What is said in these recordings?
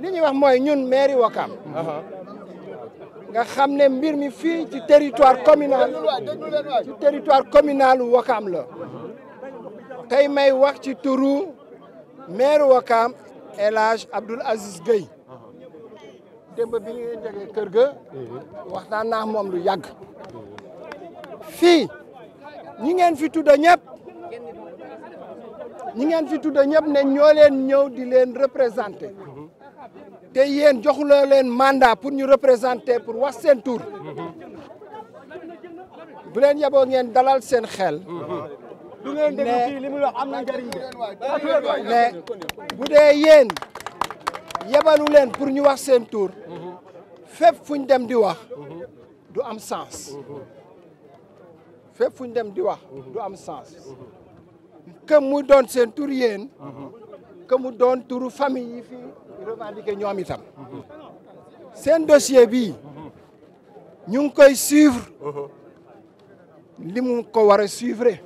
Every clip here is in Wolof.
li ñuy wax mooy ñun mairie Wakaam nga xam ne mbir mi fii ci territoire communal ci territoire communal Wakaam la tey may wax ci turu maire Wakaam El Hadj Abdoul Aziz Gueye démb bi ñu jógee kër ga waxtaan naa moom lu yàgg fii ñi fi tudda ñëpp ñi ngeen si tudda ñëpp ne ñoo leen ñëw di leen représenté te yéen joxuloo leen mandat pour ñu représenté pour wax seen tur bu leen yaboo ngeen dalal seen xel du ngeen li muy wax am na njëriñ mais bu dee yéen yebalu leen pour ñu wax seen tur fépp fu ñu dem di wax du am sens fépp fu ñu dem di wax du am sens que mu doon seen tur yéen doon turu famille yi fi revendiqué ñoom itam seen dossier bi ñu ngi koy suivre li mu ko war a suivre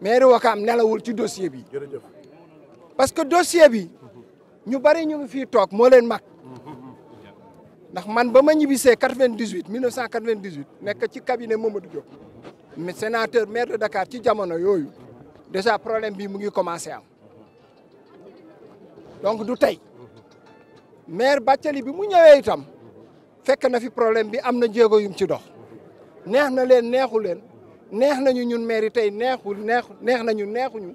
mairie Wakaam nelawul ci dossier bi parce que dossier bi ñu bari ñu ngi fii toog moo leen mag ndax man ba ma ñibbisee quatre-vingt-dix-huit mille neuf cent quatre-vingt-dix-huit nekk ci cabinet Mamadou Diop sénateur maire de Dakar ci jamono yooyu déjà problème bi mu ngi commencé am donc du tey maire Bathily bi mu ñëwee itam fekk na fi problème bi am na jéego yum ci dox neex na leen neexu leen neex nañu ñun maire yi tey neexu neex neex ñu neexuñu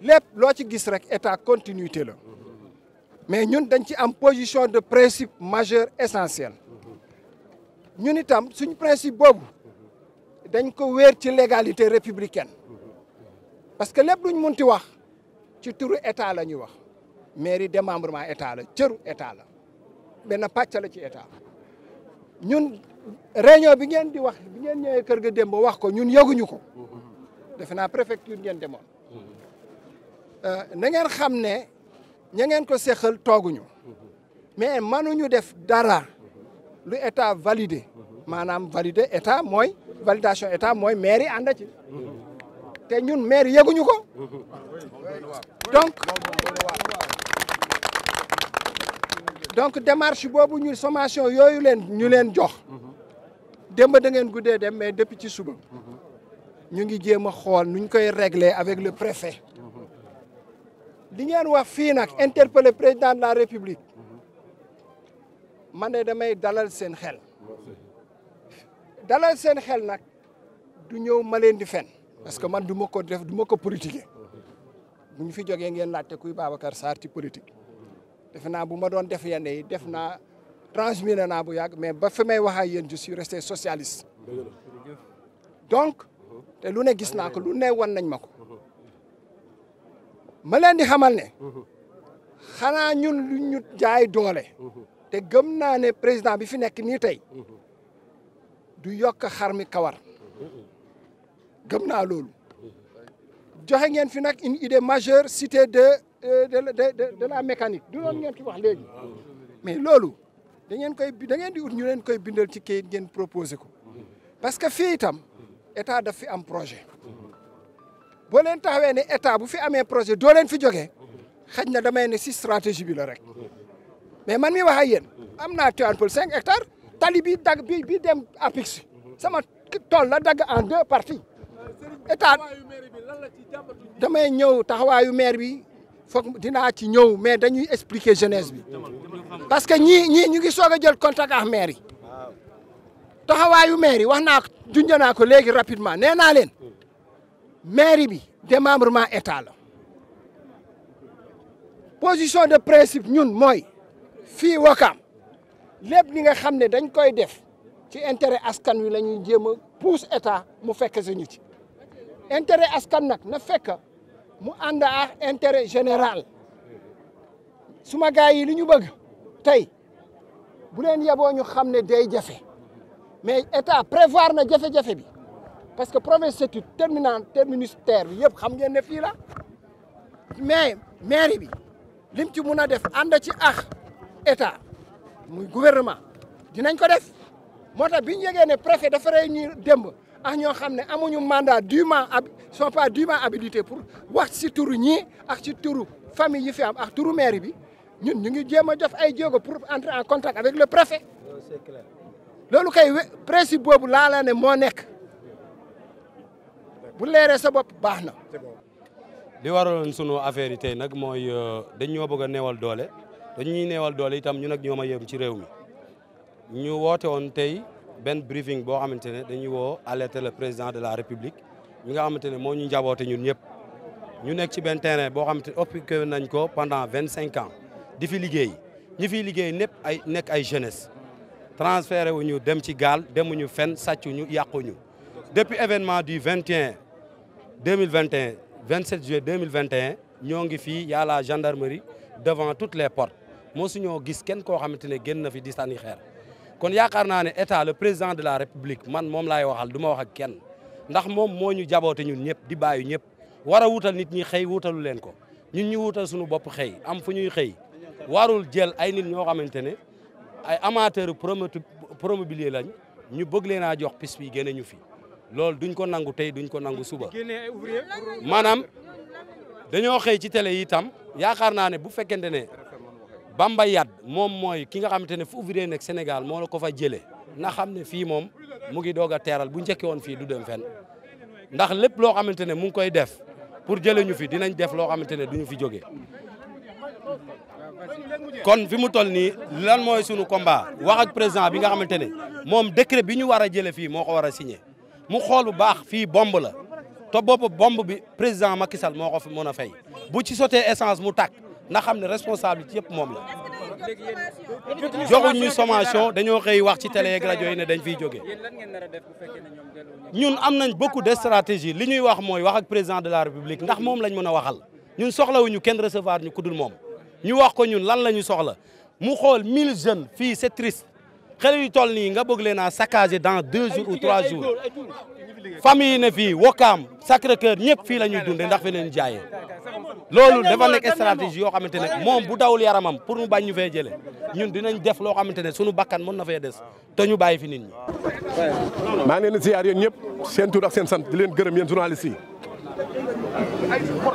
lépp loo ci gis rek état continuité la mais ñun dañ ci am position de principe majeur essentiel ñun itam suñu principe boobu dañ ko weer ci légalité républicaine parce que lépp mun munti wax ci turu état la ñuy wax mairie démembrement état la cëru état la benn pàcc la ci état ñun réunion bi ngeen di wax bi ngeen ñëwee kër ga démb wax ko ñun yëguñu ko defe naa préfecture ngeen demoon euh, na ngeen xam ne ña ngeen ko seqal tooguñu mais mënuñu def dara lu état validé maanaam validé état mooy validation état mooy mairie ànd ci te ñun maire yëguñu ko donc donc boobu ñu sommation yooyu leen ñu leen jox démb da ngeen guddee dem mais depuis ci suba ñu ngi jéem a xool nuñ koy régler avec le préfet li ngeen wax fii nag interpeller président de la république man ne damay dalal seen xel dalal seen xel nag du ñëw ma leen di fen parce que man du ma ko def du ma ko politiquer bu ñu fi jógee ngeen laajte kuy Babacar Sarr ci politique defe naa bu ma doon def yenn yi def naa transmis naa bu yàgg mais ba fi may wax ak yéen je suis resté socialiste donc te lu ne gis naa ko lu ne wan nañ ma ko ma leen di xamal ne xanaa ñun lu ñu jaay doole te gëm naa ne président bi fi nekk nii tey du yokk xar mi kawar gëm naa loolu joxe ngeen fi nag une idée majeure cité euh, de de de de la mécanique du loolu ngeen fi wax léegi mais loolu da ngeen koy da ngeen di ut ñu leen koy bindal ci kayit ngeen proposé ko parce que fii itam état daf fi am projet boo leen taxawee ne état bu fi amee projet doo leen fi jógee xaj na damay ne si stratégie bi la rek mais man mi wax ak yéen am naa Tivaouane Peulh cinq hectares tali bi dagg bi bi dem apix sama tool la dagg en deux parties état damay ñëw taxawaayu maire bi foog dinaa ci ñëw mais dañuy expliquer jeunesse bi parce que ñii ñii ñu ngi soog a jël contact ak maire yi taxawaayu maire yi wax naa ko junj naa ko léegi rapidement nee naa leen maire bi démembrement état la position de principe ñun mooy fii Wakaam lépp li nga xam ne dañ koy def ci intérêt askan wi la ñuy jéem a pousse état mu fekke suñu ci. intérêt askan nag na fekk mu ànd ak intérêt général su gars yi li ñu bëgg tey bu leen yeboo ñu xam ne day jafe mais état prévoir na jafe-jafe bi parce que province étude terminal terminus terre bi yëpp xam ngeen ne fii la mais mairie bi lim ci mun a def ànd ci ak état muy gouvernement dinañ ko def moo tax bi ñu yegee ne préfet dafa ñu démb ak ñoo xam ne amuñu mandat dûment ab sont pas dûment habilités pour wax ci turu ñii ak ci turu famille yi fi am ak turu maire bi ñun ñu ngi jéem a def ay jéego pour entrer en contact avec le préfet loolu kay principe boobu laa la ne moo nekk bu leeree sa bopp baax na. li waraloon sunu affaire yi tey nag mooy euh, dañ ñoo bëgg a neewal doole dañ ñuy neewal doole itam ñu nag ñoo ma yem ci réew mi ñu woote woon tey. benn briefing boo xamante ne dañuy woo alerter le président de la république mi nga xamante ne moo ñu njaboote ñun ñëpp ñu nekk ci benn terrain boo xamante ne occupé nañ ko pendant vingt cinq an di fi liggéey ñi fiy liggéey népp ay nekk ay jeunesse transféré wuñu dem ci gaal demuñu fen sàccuñu yàquñu depuis événement du 21 2021 27 juillet 2021 ñoo ngi fii y a la gendarmerie devant toutes les portes moo suñoo gis kenn koo xamante ne génn na fi di sànni xeer kon yaakaar naa ne état le président de la république man moom laay waxal du ma wax ak kenn ndax moom moo ñu jaboote ñun ñëpp di bàyyi ñëpp war wutal nit ñi xëy wutalu leen ko ñun ñu wutal suñu bopp xëy am fu ñuy xëy warul jël ay nit ñoo xamante ne ay amateur promobilier lañ ñu bëgg leen jox piste bi génne ñu fi loolu duñ ko nangu tey duñ ko nangu suba maanaam dañoo xëy ci télé yi itam yaakaar naa ne bu fekkente ne Bamba Yad moom mooy ki nga xamante ne fu ouvrier nekk Sénégal moo la ko fa jëlee na xam ne fii moom mu ngi doog a teeral bu njëkkee woon fii du dem fenn ndax lépp loo xamante ne mu ngi koy def pour jëlee ñu fi dinañ def loo xamante ne duñu fi jógee. kon fi mu toll nii lan mooy sunu combat wax ak président bi nga xamante ne moom décret bi ñu war a jëlee fii moo ko war a signé mu xool bu baax fii bomb la te bopp bomb bi président Macky Sall moo ko fi mën a fay bu ci sotee essence mu tàkk. na xam ne responsabilité yëpp moom la. joxuñ ñu sommation dañoo xëy wax ci télé ak rajo yi ne dañ fiy jógee ñun am nañ beaucoup de stratégie li ñuy wax mooy wax ak président de la république ndax moom lañ mën a waxal ñun soxlawuñu kenn recevoir ñu ku dul moom ñu wax ko ñun lan la ñu soxla mu xool mille jeunes fii c'est triste xale yu toll nii nga bëgg leen a saccager dans deux ou trois jours famille yi ne fii Wakaam Sacré-Cœur ñëpp fii la ñuy dundee ndax fi leen jaayee loolu dafa nekk stratégie yoo xamante ne moom bu dawul yaramam pour mu bañ ñu fee jëlee ñun dinañ def loo xamante ne suñu bakkan mën na fee des te ñu bàyyi fi nit ñi. maa ngeen si di siyaar yéen ñëpp seen tur ak seen sant di leen gërëm yéen journaliste yi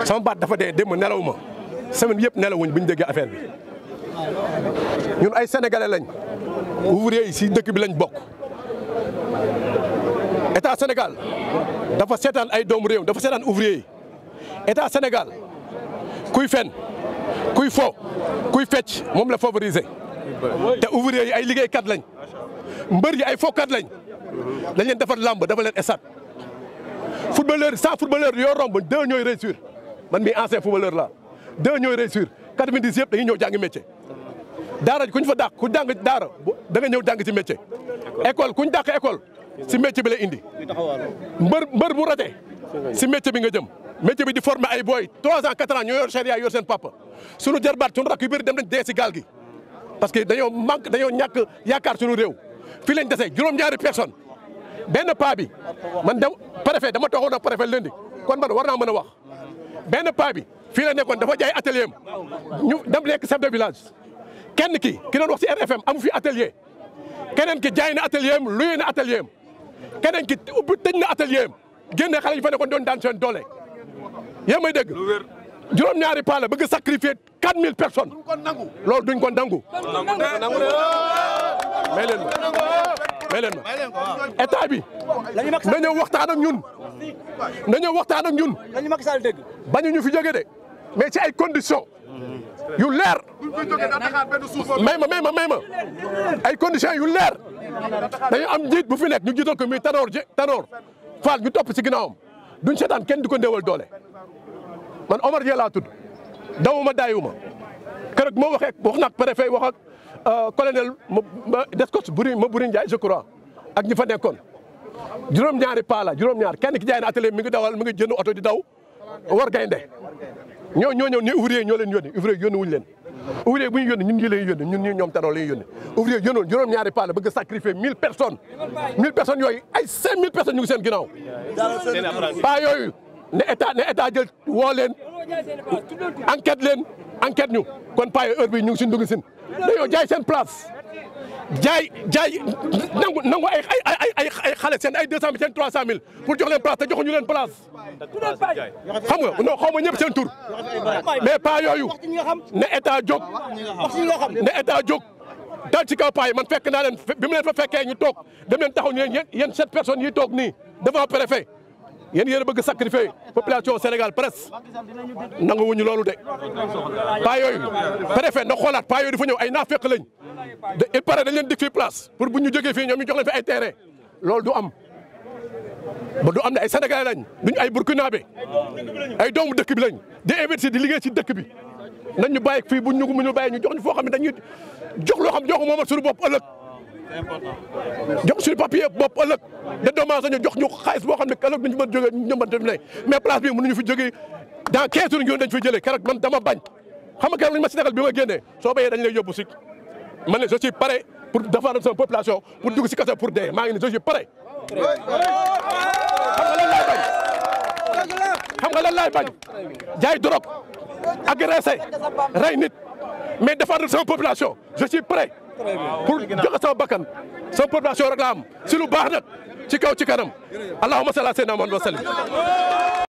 sama baat dafa dee dem démb nelaw ma semaine yëpp nelawuñ bu ñu déggee affaire bi ñun ay sénégalais lañ ouvrier yi si dëkk bi lañ bokk. état Sénégal dafa seetaan ay doomu réew dafa seetaan ouvrier yi état Sénégal kuy fen kuy fo kuy fecc moom la favoriser te ouvrier yi ay liggéeykat lañ mbër yi ay fokkat lañ dañ leen defar làmb dafa leen esat footballeur sans footballeur yoo romb deux ñooy réussir man mi ancien footballeur la deux ñooy réussir quatre-vingt-dix yëpp dañuy ñëw jàngi métier daara kuñ fa dàq ku jàng daara da nga ñëw jàng ci métier école kuñ ñu dàq école si métier bi la indi mbër mbër bu raté si métier bi nga jëm métier bi di forme ay booy trois ans quatre ans ñoo yor charia yor seen papa suñu jarbaat suñu rakk yu bëri dem nañ dee si gaal gi parce que dañoo manque dañoo ñàkk yaakaar suñu réew fii lañ dese juróom-ñaari personne benn paa bi man dem préfet dama toogoon ak préfet lundi kon man war naa mën a wax benn paa bi fii la nekkoon dafa jaay atelier am ñu dem nekk chef de village kenn ki ki doon wax si RFM amu fi atelier keneen ki jaay na atelier am luy na keneen ki ubbi tëj na atelier am génne xale yi fa nekkoon doon daan seen doole yéen may dégg juróom-ñaari paa la bëgg sacrifier 4000 personnes loolu duñ ko nangu. may leen ma may leen ma état bi na ñëw waxtaan ak ñun na ñëw waxtaan ak ñun bañu ñu fi jóge de mais ci ay conditions yu leer may ma may ma may ma ay conditions yu leer. dañu am njiit bu fi nekk ñu jiital ko muy Tanor Tanor Fall ñu topp si ginnaawam duñ seetaan kenn di ko ndéewal doole man Omar Dieng laa tudd dawuma daayuma keroog moo waxee wax na ak préfet wax ak euh, colonel ma Descos Buri ma Buri Ndiaye je crois ak ñi fa nekkoon juróom-ñaari paa la juróom-ñaar kenn ki jaay na atelier mi ngi dawal mi ngi jënd oto di daw war gaynde ñoo ñoo ñëw ni ouvrier ñoo leen yónni ouvrier yónni wuñ leen ouvrier bu ñu yónni ñun ñii la ñuy yónni ñun ñii ñoom Tanor la ñuy yónni ouvrier yónnoon juróom-ñaari paa la bëgg a sacrifier mille personnes mille personnes yooyu ay cinq mille personnes ñu ngi seen ginnaaw paa yooyu ne état ne état jël woo leen enquête leen enquête ñu kon paa yooyu heure bi ñu ngi si ndungi sin dañoo jaay seen place jaay jaay nangu nangu ay ay ay ay xale seen ay deux cent mille seen trois cent mille pour jox leen place te joxuñu leen place xam nga non xaw ma ñëpp seen tur mais pas yooyu ne état jóg ne état jóg dal ci kaw paa yi man fekk naa leen bi mu leen fa fekkee ñu toog dem leen taxaw ñu leen yéen sept personnes yi toog nii devant préfet yéen yéen a bëgg sacrifier population Sénégal presque nangu wuñu loolu de paa yooyu préfet ndax xoolaat paa yooyu fu ñëw ay naafeq lañ il paraît dañ leen dig fii place pour bu ñu jógee fii ñoom ñu jox leen fi ay terrain loolu du am ba du am ne ay sénégalais lañ duñ ay burkinabé ay doomu dëkk bi lañ di investir di liggéey ci dëkk bi nañu ñu bàyyi fii bu ñu mu ñu bàyyi ñu jox ñu foo xam ne dañuy jox loo xam jox ko moom ak suñu bopp ëllëg jox suñu papier bopp ëllëg de dommage ñu jox ñu xaalis boo xam ne ëllëg duñu mën jógee ñëmbante ne mais place bi mënuñu fi jógee dans 15 dañ fay jëlee keroog man dama bañ xam nga keroog lañ ma si nekkal bi ma génnee soo béyee dañ lay yóbbu si man ne je suis prêt pour défendre sama population pour dugg si kasa pour dee maa ngi ne je pare xam nga xam nga lan laay bañ jaay drogue agressé rey nit mais défendre sama population je suis prêt pour joxe sama bakkan sama population rek am si lu baax nag ci kaw ci kanam allahumma salli ala sayyidina Muhammad wa